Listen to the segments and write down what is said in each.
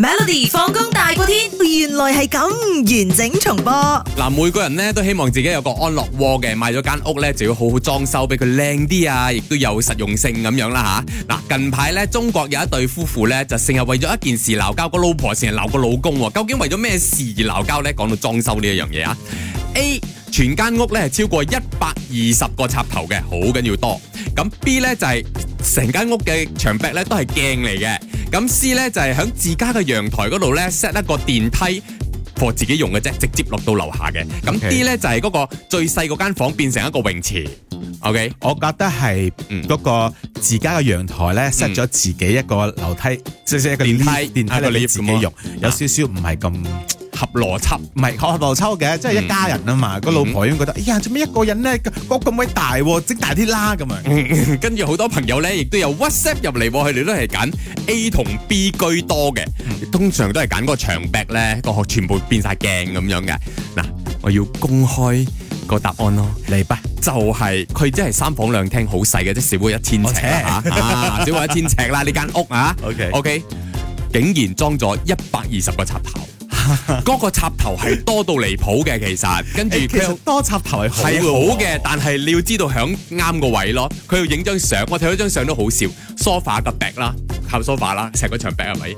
Melody 放工大過天，原來係咁完整重播。嗱，每個人呢都希望自己有個安樂窩嘅，買咗間屋呢就要好好裝修，俾佢靚啲啊，亦都有實用性咁樣啦吓。嗱，近排呢中國有一對夫婦呢，就成日為咗一件事鬧交，個老婆成日鬧個老公，啊，究竟為咗咩事而鬧交呢？講到裝修呢一樣嘢啊，A，全間屋呢係超過一百二十個插頭嘅，好緊要多。咁 B 呢就係成間屋嘅牆壁呢都係鏡嚟嘅。咁 C 咧就係、是、響自家嘅陽台嗰度咧 set 一個電梯，俾自己用嘅啫，直接落到樓下嘅。咁 Okay. D 咧就係、是、嗰個最細嗰間房變成一個泳池。OK，我覺得係嗰個自家嘅陽台咧 set 咗自己一個樓梯，即係、嗯、一個電梯，電梯度你自己用，有少少唔係咁。啊嗯合邏輯，唔係合邏輯嘅，即係一家人啊嘛。個老婆已經覺得，哎呀，做咩一個人咧？個咁鬼大，整大啲啦咁樣！跟住好多朋友咧，亦都有 WhatsApp 入嚟，佢哋都係揀 A 同 B 居多嘅，通常都係揀嗰個牆壁咧，個殼全部變晒鏡咁樣嘅。嗱，我要公開個答案咯，嚟吧？就係佢即係三房兩廳，好細嘅，即少過一千尺，少過一千尺啦呢間屋啊。OK OK，竟然裝咗一百二十個插頭。嗰 個插頭係多到離譜嘅，其實、欸、跟住其實多插頭係係好嘅，好哦、但係你要知道響啱個位咯。佢要影張相，我睇到張相都好笑。梳化 f a 個壁啦，靠梳化啦，成個牆壁係咪？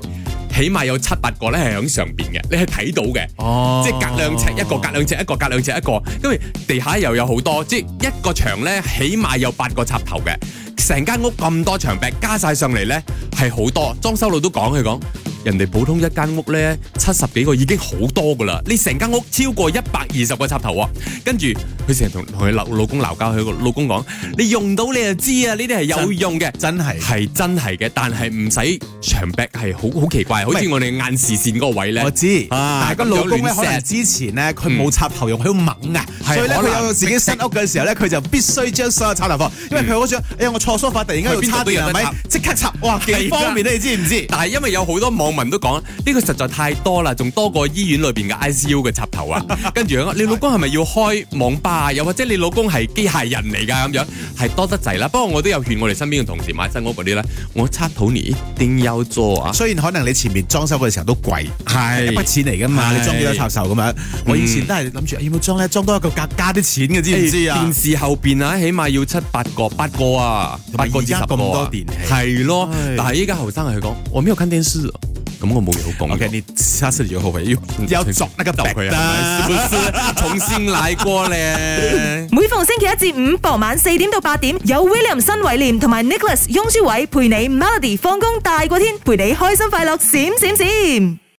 起碼有七八個咧，係響上邊嘅，你係睇到嘅。哦即，即係、哦、隔兩尺一個，隔兩尺一個，隔兩尺，尺一個，因為地下又有好多，即係一個牆咧起碼有八個插頭嘅，成間屋咁多牆壁加晒上嚟咧係好多。裝修佬都講佢講。人哋普通一間屋咧，七十幾個已經好多噶啦！你成間屋超過一百二十個插頭啊。跟住佢成日同同佢老老公鬧交，佢個老公講：你用到你就知啊，呢啲係有用嘅，真係係真係嘅。但係唔使長壁係好好奇怪。好似我哋眼視線嗰個位咧。我知，但係個老公咧可能之前呢，佢冇插頭用，喺度猛啊，所以咧佢有自己新屋嘅時候咧，佢就必須將所有插頭放，因為佢好想：「哎呀我錯梳發，突然間要插到嘢，即刻插，哇幾方便你知唔知？但係因為有好多網民都講呢、這個實在太多啦，仲多過醫院裏邊嘅 ICU 嘅插頭啊！ 跟住你老公係咪要開網吧？又或者你老公係機械人嚟㗎咁樣，係多得滯啦。不過我都有勸我哋身邊嘅同事買新屋嗰啲咧，我插頭你一定要多啊。雖然可能你前面裝修嗰陣時候都貴，係筆錢嚟㗎嘛，是你裝幾多插頭咁樣？我以前都係諗住要唔要裝咧，裝多一個格加啲錢嘅，知唔知啊、欸？電視後邊啊，起碼要七八個、八個啊，八個二十個、啊、咁、啊、多電器，係咯。但係依家後生係講，我冇要睇電視、啊。咁我冇嘢好講。OK，你下次你要後悔，要要鑿那個壁啦，是不是？ 重新來過咧。 每逢星期一至五傍晚四點到八點，有 William 新偉廉同埋 Nicholas 雍書偉陪你 Melody 放工大過天，陪你開心快樂閃閃閃。閃閃閃